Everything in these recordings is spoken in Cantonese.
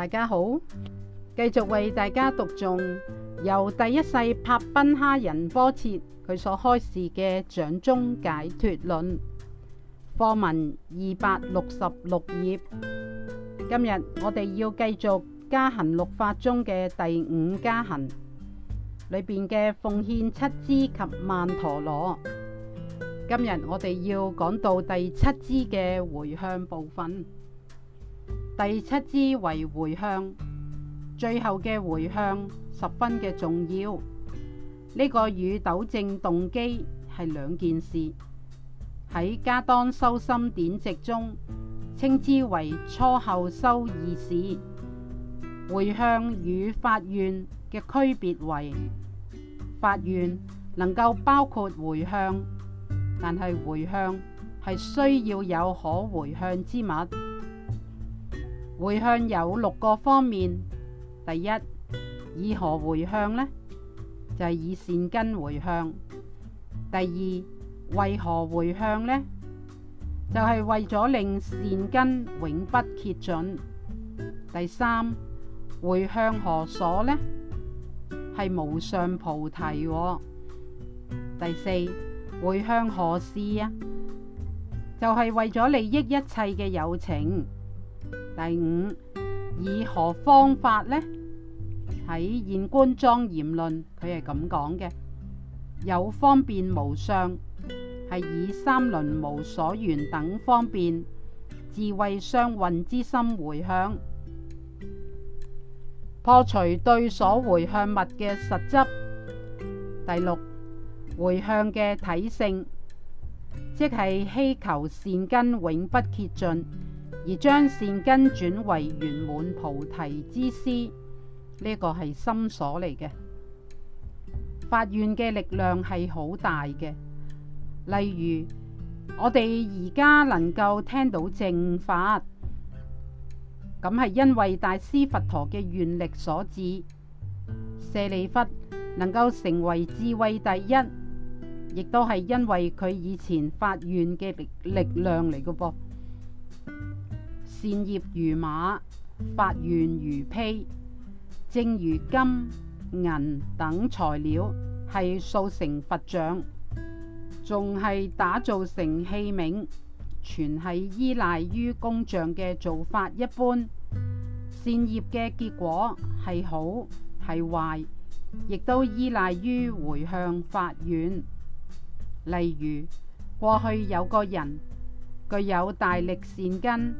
大家好，繼續為大家讀誦由第一世帕賓哈仁波切佢所開示嘅《掌中解脱論》課文二百六十六頁。今日我哋要繼續加行六法中嘅第五加行裏邊嘅奉獻七支及曼陀羅。今日我哋要講到第七支嘅回向部分。第七支為回向，最後嘅回向十分嘅重要。呢個與糾正動機係兩件事。喺《加當修心典籍》中，稱之為初後修二事。回向與發願嘅區別為：發願能夠包括回向，但係回向係需要有可回向之物。回向有六個方面。第一，以何回向呢？就係、是、以善根回向。第二，為何回向呢？就係、是、為咗令善根永不竭盡。第三，回向何所呢？係無上菩提、哦。第四，回向何事啊？就係、是、為咗利益一切嘅有情。第五，以何方法呢？喺《現觀莊嚴論》，佢係咁講嘅：有方便無相，係以三輪無所緣等方便，智慧相運之心回向，破除對所回向物嘅實執。第六，回向嘅體性，即係希求善根永不竭盡。而將善根轉為圓滿菩提之師，呢、這個係心所嚟嘅發願嘅力量係好大嘅。例如我哋而家能夠聽到正法，咁係因為大師佛陀嘅願力所致。舍利弗能夠成為智慧第一，亦都係因為佢以前發願嘅力力量嚟嘅噃。善業如馬，法院如披，正如金銀等材料係塑成佛像，仲係打造成器皿，全係依賴於工匠嘅做法。一般善業嘅結果係好係壞，亦都依賴於回向法院。例如，過去有個人具有大力善根。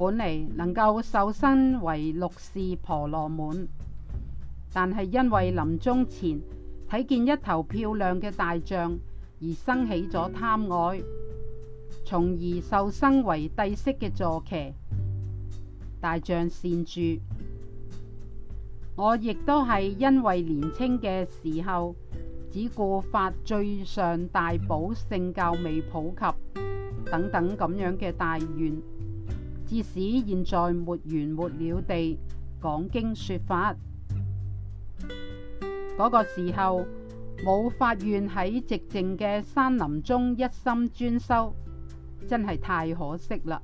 本嚟能夠受生為六世婆羅門，但係因為臨終前睇見一頭漂亮嘅大象而生起咗貪愛，從而受生為帝釋嘅坐騎。大象善住。我亦都係因為年青嘅時候只顧發最上大寶聖教未普及等等咁樣嘅大願。即使現在沒完沒了地講經說法，嗰、那個時候冇發願喺寂靜嘅山林中一心專修，真係太可惜啦！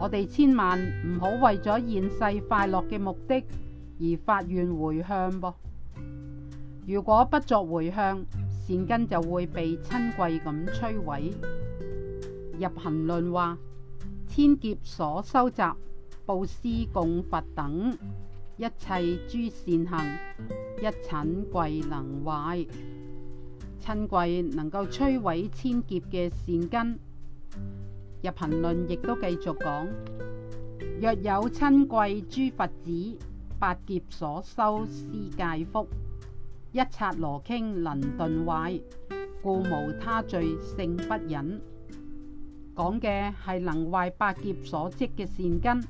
我哋千萬唔好為咗現世快樂嘅目的而發願回向噃。如果不作回向，善根就會被嗔恚，咁摧毀。入行論話。千劫所修集，布施供佛等一切諸善行，一嗔恚能壞，嗔恚能夠摧毀千劫嘅善根。《入行論》亦都繼續講：若有嗔恚，諸佛子百劫所修施戒福，一刹那頃能頓壞，故無他罪勝不忍。講嘅係能壞百劫所積嘅善根，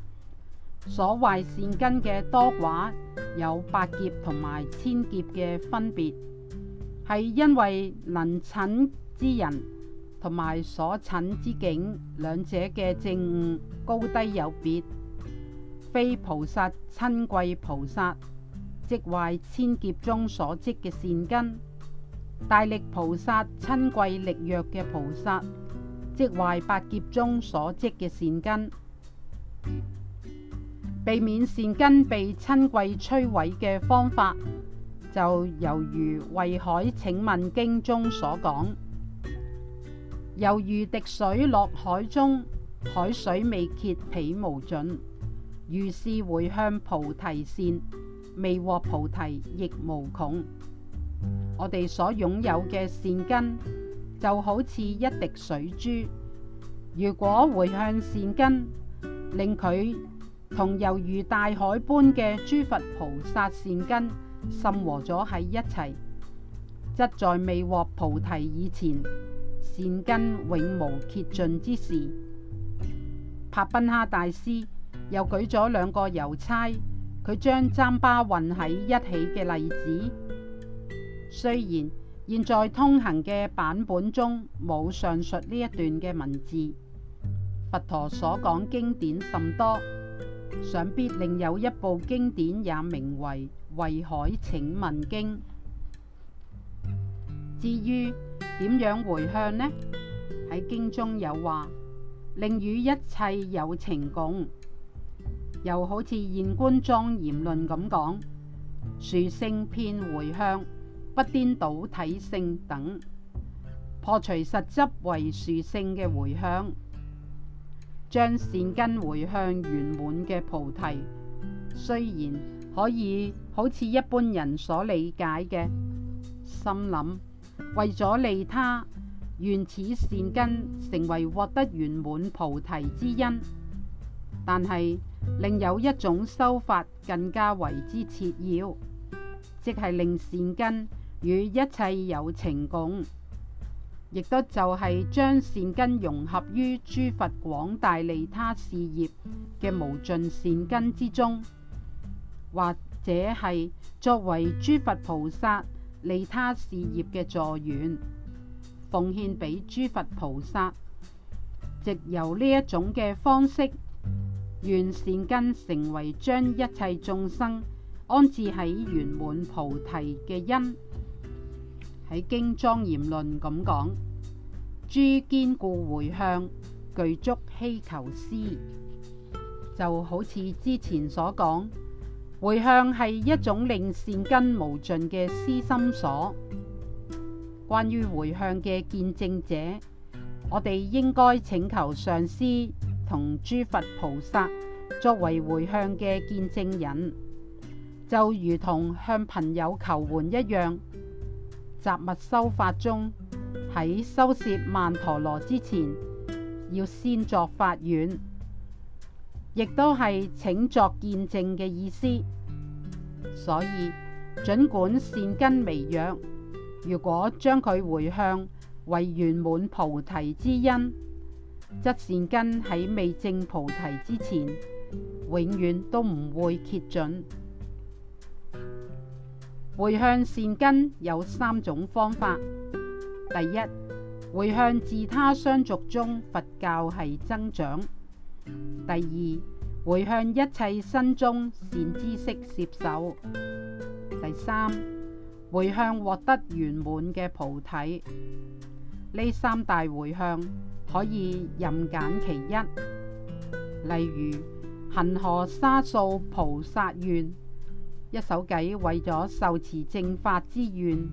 所壞善根嘅多寡有百劫同埋千劫嘅分別，係因為能診之人同埋所診之境兩者嘅正悟高低有別。非菩薩親貴菩薩，即壞千劫中所積嘅善根；大力菩薩親貴力弱嘅菩薩。即壞八劫中所積嘅善根，避免善根被親貴摧毀嘅方法，就猶如《慧海請問經》中所講：猶如滴水落海中，海水未竭，彼無盡；如是回向菩提善，未獲菩提亦無窮。我哋所擁有嘅善根。就好似一滴水珠，如果回向善根，令佢同猶如大海般嘅諸佛菩薩善根滲和咗喺一齊，則在未獲菩提以前，善根永無竭盡之時。帕賓哈大師又舉咗兩個郵差，佢將針巴混喺一起嘅例子，雖然。現在通行嘅版本中冇上述呢一段嘅文字。佛陀所講經典甚多，想必另有一部經典也名為《慧海請問經》。至於點樣回向呢？喺經中有話，令與一切有情共。又好似現觀莊嚴論咁講，殊勝遍回向。不顛倒體性等，破除實執為殊勝嘅回向，將善根回向圓滿嘅菩提。雖然可以好似一般人所理解嘅，心諗為咗利他，願此善根成為獲得圓滿菩提之因。但係另有一種修法更加為之切要，即係令善根，與一切有情共，亦都就係將善根融合於諸佛廣大利他事業嘅無盡善根之中，或者係作為諸佛菩薩利他事業嘅助緣，奉獻俾諸佛菩薩，藉由呢一種嘅方式，願善根成為將一切眾生安置喺圓滿菩提嘅因。喺《經莊嚴論》咁講，諸堅固迴向具足希求思，就好似之前所講，迴向係一種令善根無盡嘅思心所。關於迴向嘅見證者，我哋應該請求上師同諸佛菩薩作為迴向嘅見證人，就如同向朋友求援一樣。雜物修法中，喺修涉曼陀羅之前，要先作法緣，亦都係請作見證嘅意思。所以，儘管善根微弱，如果將佢回向為圓滿菩提之因，則善根喺未證菩提之前，永遠都唔會竭盡。回向善根有三種方法：第一，回向自他相續中佛教系增長；第二，回向一切身中善知識攝受；第三，回向獲得圓滿嘅菩提。呢三大回向可以任揀其一，例如恒河沙數菩薩願。一手偈為咗受持正法之願，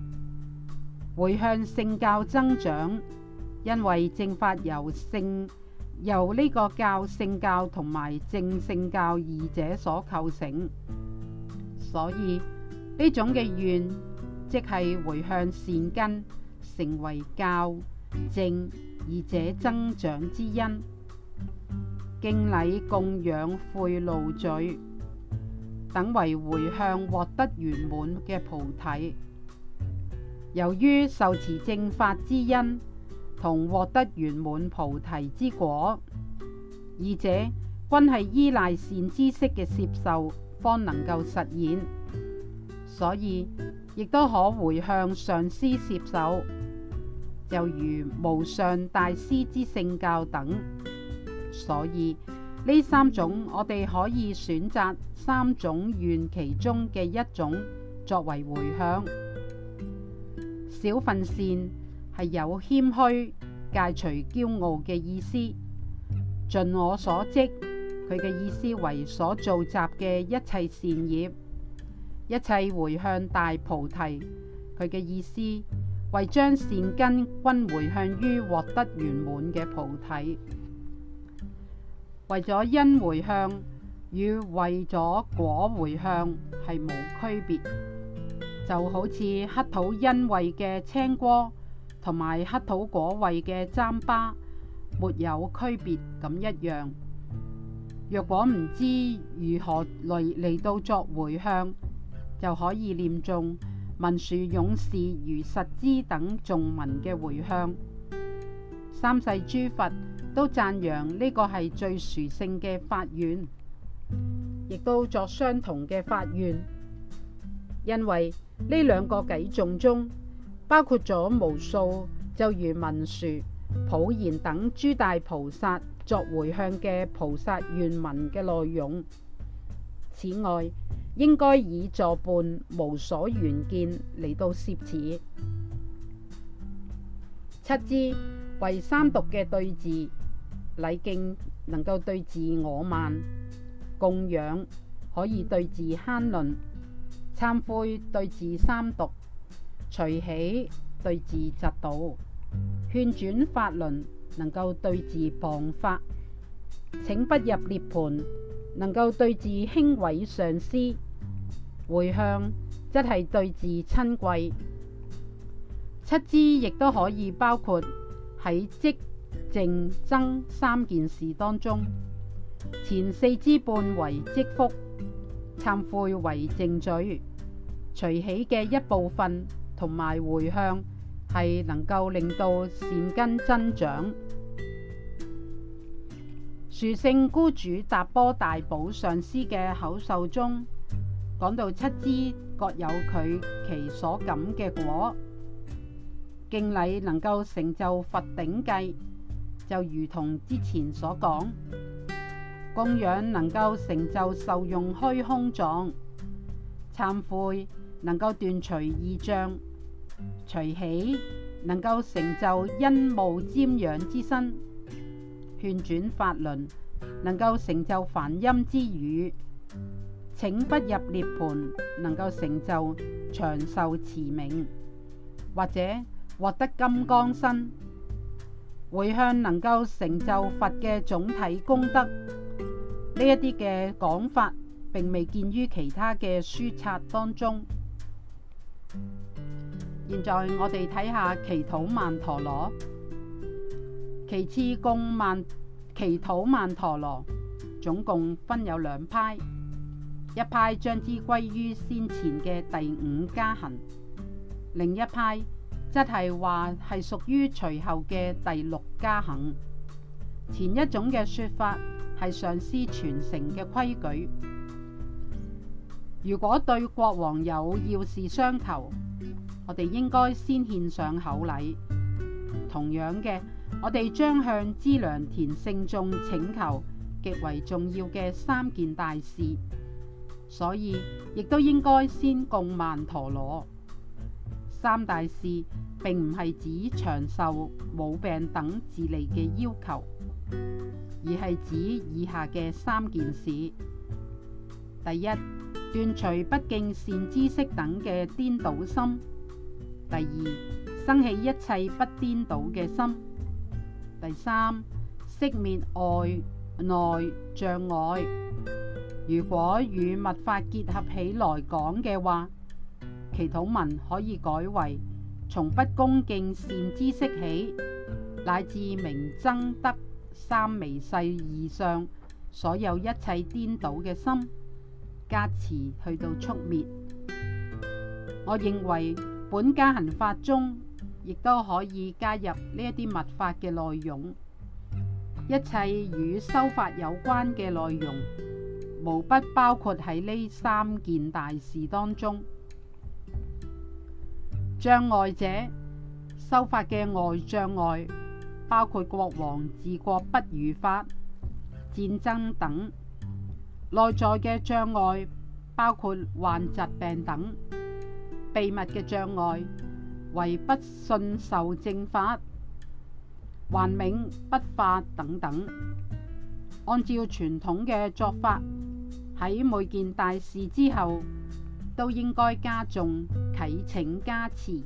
回向聖教增長。因為正法由聖由呢個教、聖教同埋正聖教二者所構成，所以呢種嘅願即係回向善根，成為教正二者增長之因。敬禮供養悔露罪。等為回向獲得圓滿嘅菩提，由於受持正法之因同獲得圓滿菩提之果，二者均係依賴善知識嘅攝受方能夠實現，所以亦都可回向上師攝受，就如無上大師之聖教等，所以。呢三種，我哋可以選擇三種願其中嘅一種作為回向。少分善係有謙虛戒除驕傲嘅意思。盡我所職，佢嘅意思為所造集嘅一切善業，一切回向大菩提，佢嘅意思為將善根均回向於獲得圓滿嘅菩提。為咗因回向與為咗果回向係冇區別，就好似乞討因位嘅青稞同埋乞討果位嘅糌粑，沒有區別咁一樣。若果唔知如何嚟嚟到作回向，就可以念誦文殊勇士如實之」等眾文嘅回向。三世諸佛。都讚揚呢個係最殊勝嘅法願，亦都作相同嘅法願，因為呢兩個偈頌中包括咗無數，就如文殊、普賢等諸大菩薩作回向嘅菩薩願文嘅內容。此外，應該以助伴無所緣見嚟到攝持。七支為三毒嘅對治。禮敬能夠對治我慢，供養可以對治慳吝，懺悔對治三毒，隨喜對治嫉妒，勸轉法輪能夠對治謗法，請不入涅盤，能夠對治輕毀上師，迴向即係對治親貴。七支亦都可以包括喺即。淨增三件事當中，前四支半為積福，懺悔為淨罪，隨喜嘅一部分同埋回向，係能夠令到善根增長。殊勝孤主達波大寶上師嘅口授中，講到七支各有佢其所感嘅果，敬禮能夠成就佛頂計。就如同之前所講，供養能夠成就受用虛空狀；懺悔能夠斷除異象，除起能夠成就因無沾染之身；勸轉法輪能夠成就梵音之語；請不入涅盤能夠成就長壽慈名，或者獲得金剛身。回向能夠成就佛嘅總體功德，呢一啲嘅講法並未見於其他嘅書冊當中。現在我哋睇下祈禱曼陀羅，其次供曼祈禱曼陀羅，總共分有兩派：一派將之歸於先前嘅第五加行，另一派。即係話係屬於隨後嘅第六加行。前一種嘅說法係上師傳承嘅規矩。如果對國王有要事相求，我哋應該先獻上口禮。同樣嘅，我哋將向資糧田聖眾請求極為重要嘅三件大事，所以亦都應該先供曼陀羅。三大事並唔係指長壽、冇病等自利嘅要求，而係指以下嘅三件事：第一，斷除不敬善知識等嘅顛倒心；第二，生起一切不顛倒嘅心；第三，熄滅外內障礙。如果與密法結合起來講嘅話，祈禱文可以改為從不恭敬善知識起，乃至明增得三微細以上，所有一切顛倒嘅心加持去到速滅。我認為本加行法中亦都可以加入呢一啲密法嘅內容，一切與修法有關嘅內容，無不包括喺呢三件大事當中。障礙者修法嘅外障礙包括國王治國不如法、戰爭等；內在嘅障礙包括患疾病等；秘密嘅障礙為不信受正法、還命不法等等。按照傳統嘅做法，喺每件大事之後都應該加重。睇請加持。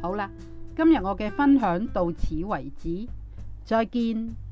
好啦，今日我嘅分享到此為止，再見。